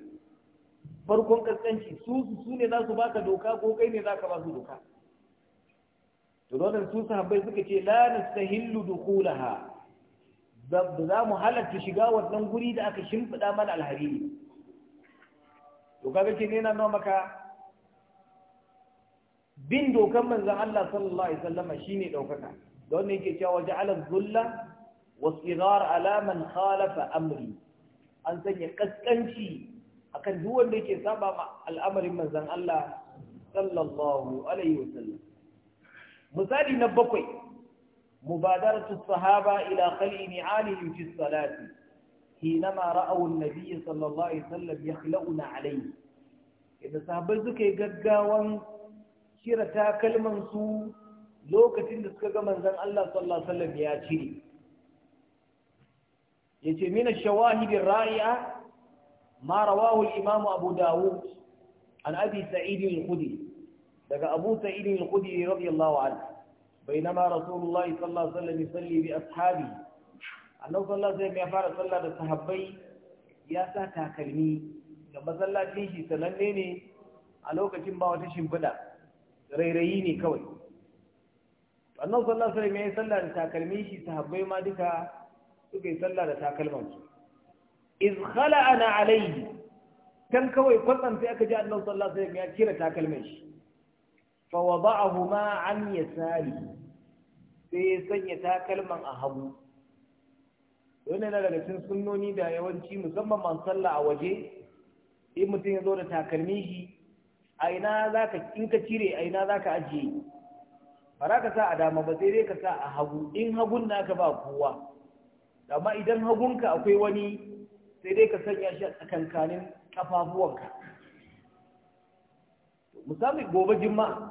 farkon kaskanci su su ne za su baka doka ko kai ne zaka ba su doka to dole su sahabbai suka ce la nastahillu dukhulaha ba za mu halatta shiga wannan guri da aka shimfida mana alhariri to kaga ce ne na maka bin dokan manzan Allah sallallahu alaihi wasallama shine daukaka da wannan yake cewa ja'ala dhulla wa sigar alaman khalafa amri an sanya kaskanci kan duk wanda ke saba al'amarin manzon Allah sallallahu alaihi wasallam misali na bakwai mubadaratu sahaba ila khali ni'alihim fi salati hinama ra'aw an-nabiy sallallahu alaihi wasallam yakhla'una alayhi idan sahabbai suka yi gaggawan cire takalman su lokacin da suka ga manzon Allah sallallahu alaihi wasallam ya cire yace ce, ash-shawahid raia ma rawahu al-imam Abu Dawud an Abi Sa'id al-Khudri daga Abu Sa'id al-Khudri radiyallahu anhu bainama Rasulullah sallallahu alaihi wasallam yusalli bi sallallahu alaihi ya fara sallah da sahabbai ya sa takalmi ga masallacin shi sananne ne a lokacin ba wata shimfiɗa rairayi ne kawai annan sallah sai mai sallah da takalmin shi sahabbai ma duka suka yi sallah da takalman su iz khala'ana alayhi kan kawai kwatsan sai aka ji annan sallah sai ya kira takalmin shi fa ma an yasali sai sanya takalman a hagu wannan yana daga cikin sunnoni da yawanci musamman man sallah a waje in mutum ya zo da takalmin shi a ina za ka in ka cire a ina za ka ajiye ba za ka sa a dama ba sai dai ka sa a hagu in hagun na ka ba kowa amma idan hagunka akwai wani sai dai ka sanya shi a tsakankanin kafafuwanka musamman gobe juma'a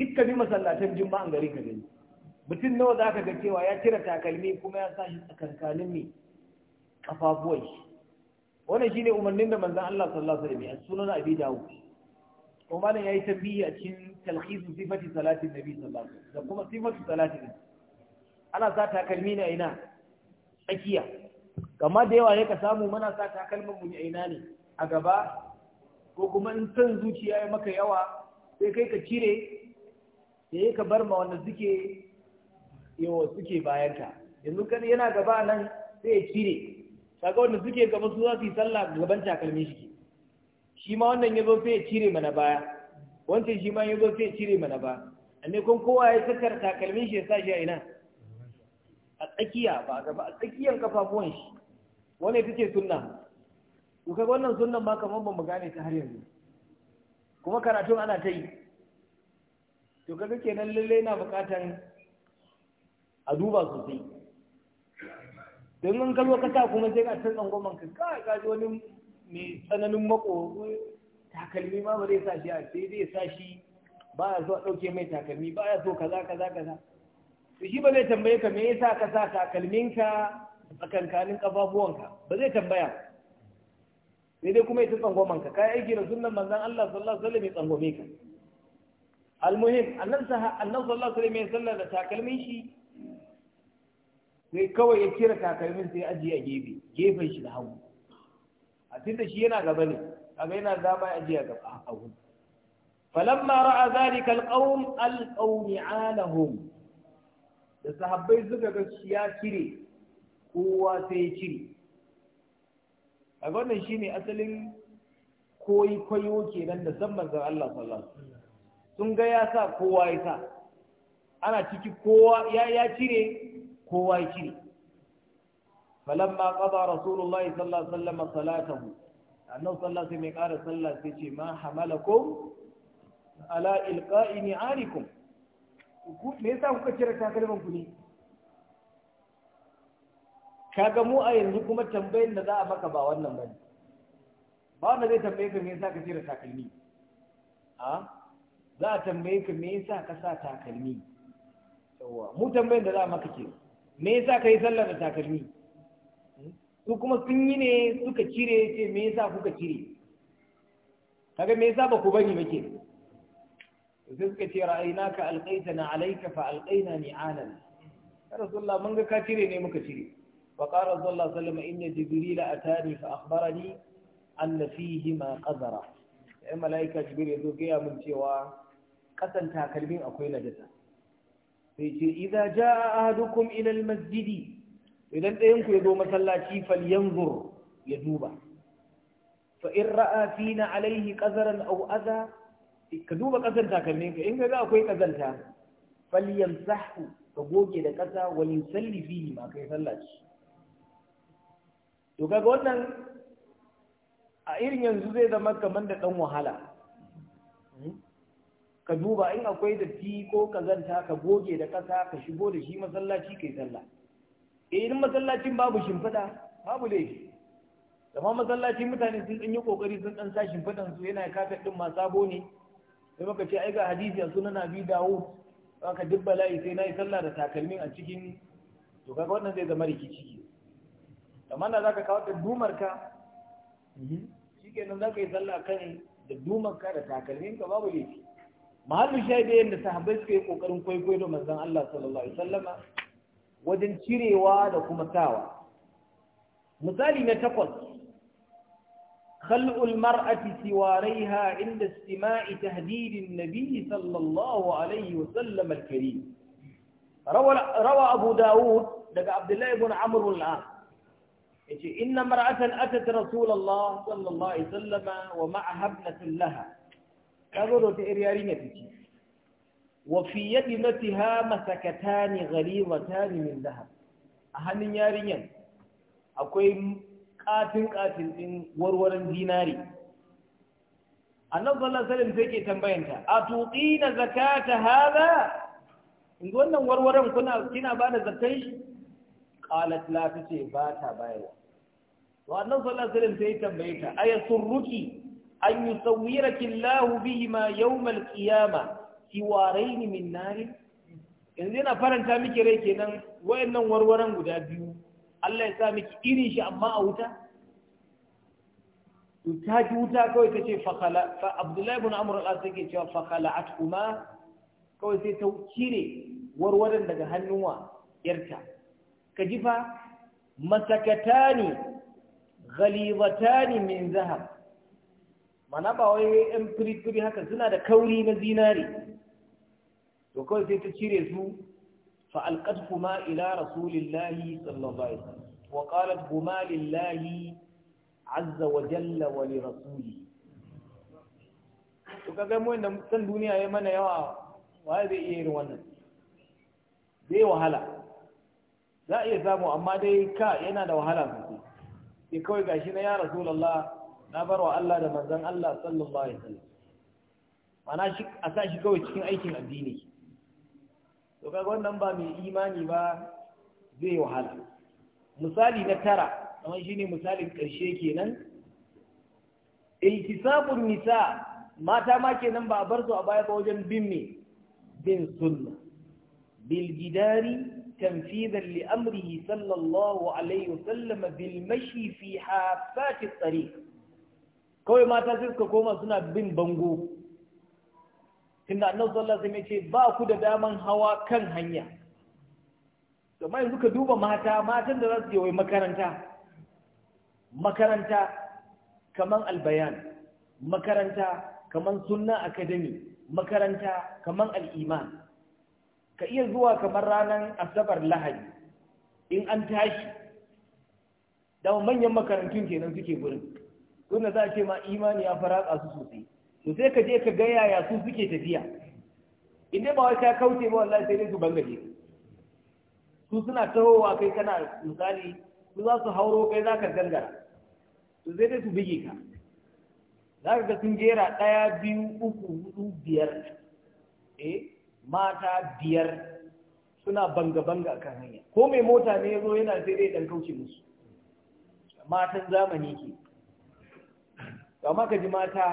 dukkan yi masallatan juma'an gari ka gani mutum nawa za ka ga cewa ya cire takalmi kuma ya sa shi tsakankanin mai kafafuwan shi wannan shine umarnin da manzon Allah sallallahu alaihi wasallam ya sunan Abi Dawud ko ya yayi tabiyi a cikin talkhis sifati salatin nabi sallallahu alaihi wasallam da kuma sifatu salatin ana sa takalmi ne a ina tsakiya kama da yawa ne ka samu mana sa takalmin mu ina ne a gaba ko kuma in san zuciya ya maka yawa sai kai ka cire da yi ka bar ma wanda suke yawa suke ka. yanzu kan yana gaba nan sai ya cire kaga wanda suke gaba su za su yi sallah gaban takalmin shi shi ma wannan ya zo sai ya cire mana baya wancan shi ma ya zo sai ya cire mana baya anne kun kowa ya saka takalmin shi ya sa shi a ina a tsakiya ba a gaba a tsakiyar kafafuwan shi wani ita ce sunna ku kaga wannan sunnan ma kamar ban mu gane ta har yanzu kuma karatun ana ta yi to kaga kenan lalle na bukatan a duba sosai don in ka zo ka sa kuma sai ka san goman ka ka ga wani mai tsananin mako takalmi ma ba zai sa shi a sai zai sa shi ba ya so a ɗauke mai takalmi ba ya so kaza kaza kaza to shi ba zai tambaye ka me yasa ka sa takalminka a tsakankanin kafafuwanka ba zai tambaya sai dai kuma ita tsangwaman ka kai aiki da sunan manzon Allah sallallahu alaihi wasallam ya tsangwame ka almuhim annabi annabi sallallahu alaihi wasallam ya sallar da takalmin shi sai kawai ya kira takalmin sai ajiye a gefe gefen shi da hagu a tunda shi yana gaba ne kaga yana da ya ajiya gaba a gudu falamma ra'a zalika alqawm alqawmi alahum da sahabbai suka ga ya cire kowa sai ya cire a wannan shine asalin koyi ke kenan da san manzon Allah sallallahu alaihi sun ga ya sa kowa ya sa ana ciki kowa ya ya cire kowa ya cire فلما قضى رسول الله صلى الله عليه وسلم صلاته أنه صلى سمي قال صلى سيتي ما حملكم على إلقاء نعالكم ليس kuka cire takalman ku ne kaga mu a yanzu kuma tambayin da za a maka ba wannan bane ba wanda zai tambaye ka me yasa ka cire takalmi a za a tambaye ka me yasa ka sa takalmi yawa mu tambayin da za a maka ke me yasa ka yi sallar da takalmi su kuma sun yi ne suka cire ce me yasa kuka cire kaga me yasa ba ku bari ba ke sai suka ce ra'aynaka alqaitana alayka fa alqaina ni'alan ya rasulullah mun ga ka cire ne muka cire fa qala sallallahu alaihi wasallam inna jibril atani fa akhbarani anna fihi ma qadara ya malaika jibril yazo ga mun cewa kasan takalmin akwai najasa sai ce idza jaa ahadukum ila almasjidi idan ɗayan ku ya zo masallaci fal yanzur ya duba fa in ra'a fina alaihi qazaran aw adha ka duba kasar takalmin ka in ga akwai kazanta fal yamsahu ka goge da kasa wa yusalli fihi ma kai sallaci to kaga wannan a irin yanzu zai zama kamar da ɗan wahala hmm? ka duba in akwai datti ko kazanta ka goge da ƙasa ka shigo da shi masallaci kai sallah Eh, idan masallacin babu shimfiɗa babu laifi amma masallacin mutane sun yi ƙoƙari sun ɗan sa shimfiɗan su yana kafin ɗin ma sabo ne sai muka ce ai ga hadisi a sunan abi dawo aka duk layi sai na yi sallah da takalmin a cikin to kaga wannan zai zama rikici amma na zaka kawo da dumar mhm. ka shikenan zaka yi sallah kan da dumar ka da takalmin ka babu laifi mahallu shaidai yadda sahabbai suka yi kokarin kwaikwayo da manzon Allah sallallahu alaihi wasallama wajen cirewa da kuma sawa misali na takwas khal'ul mar'ati siwaraiha inda istima'i tahdidin nabiyyi sallallahu alaihi wa sallam al-karim rawa abu dawud daga abdullahi ibn amr al-an yace inna mar'atan atat rasulullah sallallahu alaihi wa sallam wa ma'a habnatin laha kazo da iriyari ne tace wa fi yadi ne masakatani ghalimatani min dhahab a hannun yarinyar akwai katin katin ɗin warwaran dinari annabi sallallahu alaihi wasallam sai ke tambayanta atuqina zakata hada Inda wannan warwaran kuna kina ba da zakai shi qalat la tace ba ta bayarwa to annabi sallallahu alaihi wasallam sai tambaye ta ayasurruki an yusawwiraki Allah bihima yawm al ƙiyama. iwaraini min narin yanzu yana faranta miki rai kenan wayannan warwaran guda biyu Allah ya sa miki irin shi amma a wuta ta ji wuta kawai ta ce fakala fa Abdullahi ibn Amr al-As yake cewa fakala'at atuma kawai sai ta cire warwaran daga hannuwa yarta ka ji fa masakatani ghalibatani min zahab mana ba wai yan firifiri haka suna da kauri na zinari. to kawai sai ta cire su fa alqadhuma ila rasulillahi sallallahu alaihi wasallam wa qalat huma lillahi azza wa jalla wa li rasuli to kaga mu wanda san duniya ya mana yawa waye zai iya yin wannan zai wahala za a iya samu amma dai ka yana da wahala sosai sai kawai gashi na ya rasulullah na bar wa Allah da manzan Allah sallallahu alaihi wasallam mana shi a sa shi kawai cikin aikin addini to kaga wannan ba mai imani ba zai wahala misali na tara amma shine misalin ƙarshe kenan ihtisabun nisa mata ma kenan ba a bar su a baya ba wajen bin me bin sunna bil gidari تنفيذا لأمره صلى الله عليه وسلم بالمشي في حافات الطريق kawai mata sai suka koma suna bin bango tunda annabi sallallahu alaihi wasallam ya ce ba ku da daman hawa kan hanya amma yanzu ka duba mata matan da za su je wai makaranta makaranta kaman albayan makaranta kaman sunna academy makaranta kaman al'iman ka iya zuwa kamar ranar asabar lahadi in an tashi dama manyan makarantun kenan suke gurin suna za a ce ma imani ya fara su sosai to sai ka je ka ga yaya su suke tafiya inda ba wai ka kauce ba wallahi sai dai su bangaje su suna tahowa kai kana misali su za su hauro kai za ka gangara to sai dai su bige ka za ka ga sun jera ɗaya biyu uku hudu biyar eh mata biyar suna banga-banga a kan hanya ko mai mota ne ya zo yana sai dai ɗan kauce musu matan zamani ke amma ka ji mata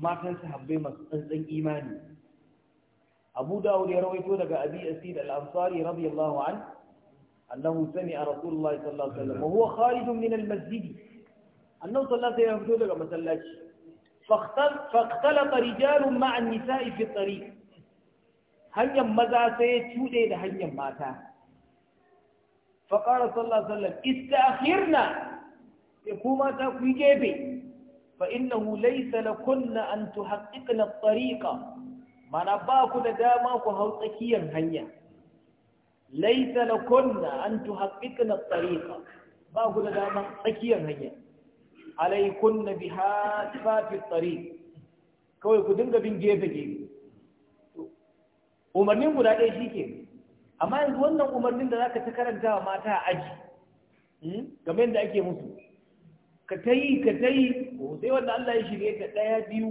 matan sahabbai masu tsantsan imani abu dawud ya rawaito daga abi asid al-ansari radiyallahu an annahu sami'a rasulullah sallallahu alaihi wasallam wa huwa kharijun min al-masjid annahu sallallahu alaihi wasallam ya fito daga masallaci فاختلط رجال مع النساء في الطريق هنيا مزا سي تشوده ده هنيا ماتا فقال صلى الله عليه وسلم استأخرنا يقوم ماتا كوي جيبي فإنه ليس لكن أن تحققن الطريقة معنى باكو داما كهو هيا ليس لكن أن تحققن الطريقة باكو داما تكيا هيا عليكن بها في الطريق kawai ku dinga bin gefe-gefe umarnin guda ɗaya shi ke amma yanzu wannan umarnin da za ka ta karanta wa mata a aji game da ake musu ka ta yi ka ta yi sai wanda Allah ya shirye ta ɗaya biyu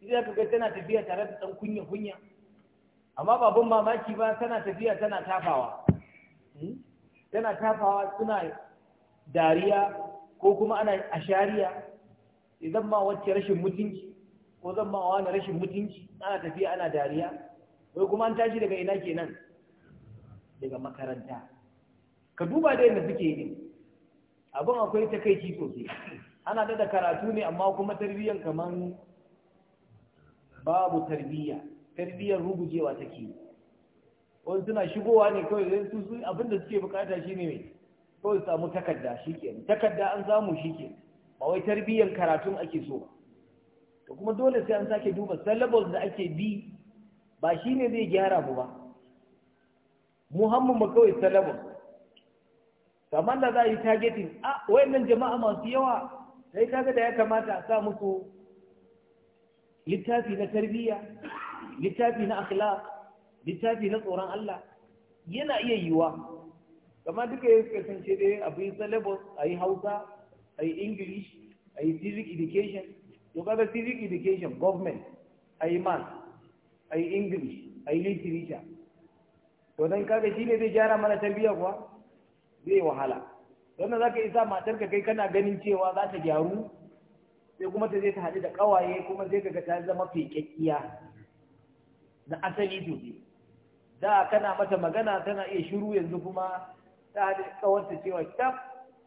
sai za ka ga tana tafiya tare da ɗan kunya kunya amma ba mamaki ba tana tafiya tana tafawa hmm? tana tafawa suna dariya ko kuma ana ashariya idan eh, ma wacce rashin mutunci ko zan ma wani rashin mutunci ana tafiya ana dariya wai kuma an tashi daga ina kenan daga makaranta ka duba da yadda suke yi abin akwai takaici sosai ana da karatu ne amma kuma tarbiyyar kamar babu tarbiyya tarbiyyar rugujewa take wani suna shigowa ne kawai zai su abin da suke bukata shi ne mai kawai samu takarda shi ke takarda an samu shi ke ba wai tarbiyyar karatun ake so ba kuma dole sai an sake duba syllables da ake bi ba shi ne zai gyara mu ba muhammadu kawai syllables kamar da za a yi targeting a ah, wayannan jama'a masu yawa sai kaga da ya kamata a sa musu littafi na tarbiyya littafi na akhlaq littafi na tsoron Allah yana iya yiwa kamar duka ya kasance dai a yi syllabus a yi hausa a yi english a yi civic education to kaga civic education government a yi math a yi english a yi literature to don kaga shi ne zai gyara mana tarbiyya kuwa zai wahala wannan za ka isa ka kai kana ganin cewa za ta gyaru sai kuma ta zai ta haɗu da ƙawaye kuma zai ga ta zama fekekkiya na asali sosai da kana mata magana tana iya shiru yanzu kuma ta haɗu da ƙawarta cewa taf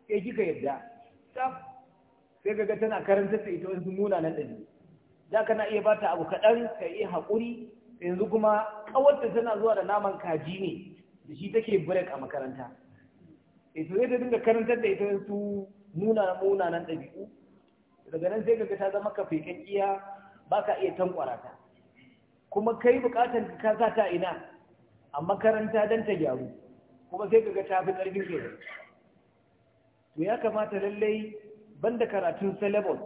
sai kika yarda taf sai ga tana karanta ta ita wasu munanan ɗabi'u da kana iya bata abu kaɗan ka iya haƙuri yanzu kuma ƙawarta tana zuwa da naman kaji ne da shi take break a makaranta ita eh, zai ta dinga karantar da ita su nuna munanan ɗabi'u daga nan sai kaga ta zama ka iya ba ka iya tankwara ta kuma kai bukatar ka sa ta ina a makaranta don ta gyaru kuma sai kaga ta fi ƙarfin ke to ya kamata lallai banda karatun syllabus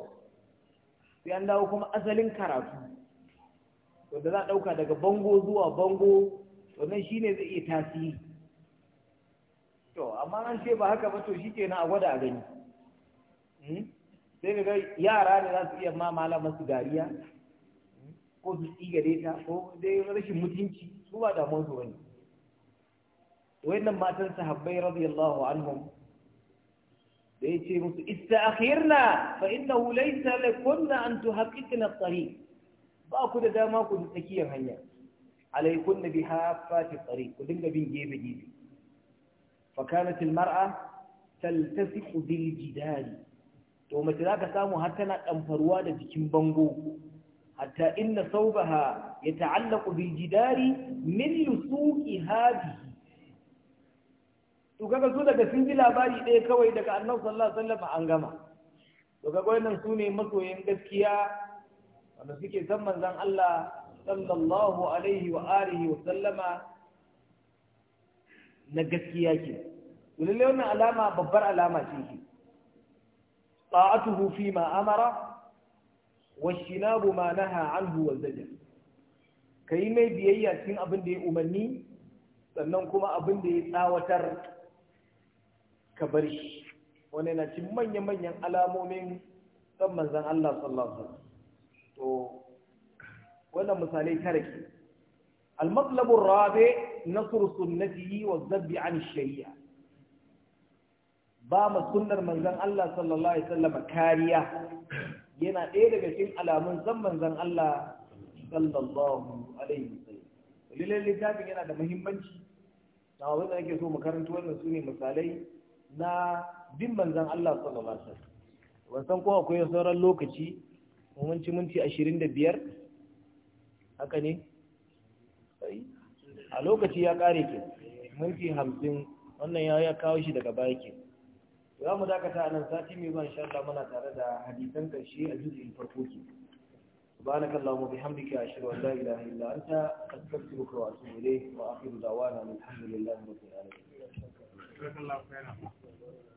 sai an dawo kuma asalin karatu wanda za a ɗauka daga bango zuwa bango wannan ne zai iya tasiri to amma an ce ba haka ba to shikenan a gwada a gani hmm? sai ga yara ne za su iya ma malama su dariya ko su tsigare ta ko dai rashin mutunci su ba damuwar su bane wannan matan sahabbai radiyallahu anhum da ya ce musu ista'khirna fa innahu laysa lakunna an tuhaqqiqna at-tariq ba ku da dama ku tsakiyar hanya bi hafa at-tariq ku dinga bin gefe gefe فكانت المرأة تلتصق بالجدال وما تلاقى سامو حتى نقنفروا لجكم بانغو حتى إن صوبها يتعلق بالجدار من لسوق هذه to kaga su daga sun ji labari ɗaya kawai daga annabi sallallahu alaihi wasallam an gama to kaga wannan su ne masoyan gaskiya wanda suke san manzon Allah sallallahu alaihi wa sallama na gaskiya ke lalle wannan alama babbar alama ce ke ta'atuhu fi ma amara wa shinabu ma naha anhu wal zajr kai mai biyayya cikin abin da ya umarni sannan kuma abin da ya tsawatar ka bar shi wani yana cikin manya-manyan alamomin san manzan Allah sallallahu alaihi wasallam to wannan misalai tare ke المطلب Rabe نصر سنته والذب عن الشريعة ba mu sunnar manzon Allah sallallahu alaihi wasallam kariya yana ɗaya daga cikin alamun zan manzon Allah sallallahu alaihi wasallam littafin yana da muhimmanci na wanda da nake so mu karanta wannan sune misalai na bin manzon Allah sallallahu alaihi wasallam wannan ko akwai sauran lokaci mun ci minti 25 haka ne a lokaci ya ƙare ke mulki hamsin wannan ya kawo shi daga baya ke za mu dakata a nan sati mai zuwan sharta mana tare da hadisan karshe a jujjuyin farko ke ba na kallon mu bi a shirin wanda ila hila an ta kasar su kawo a su mule ba a fi na mutum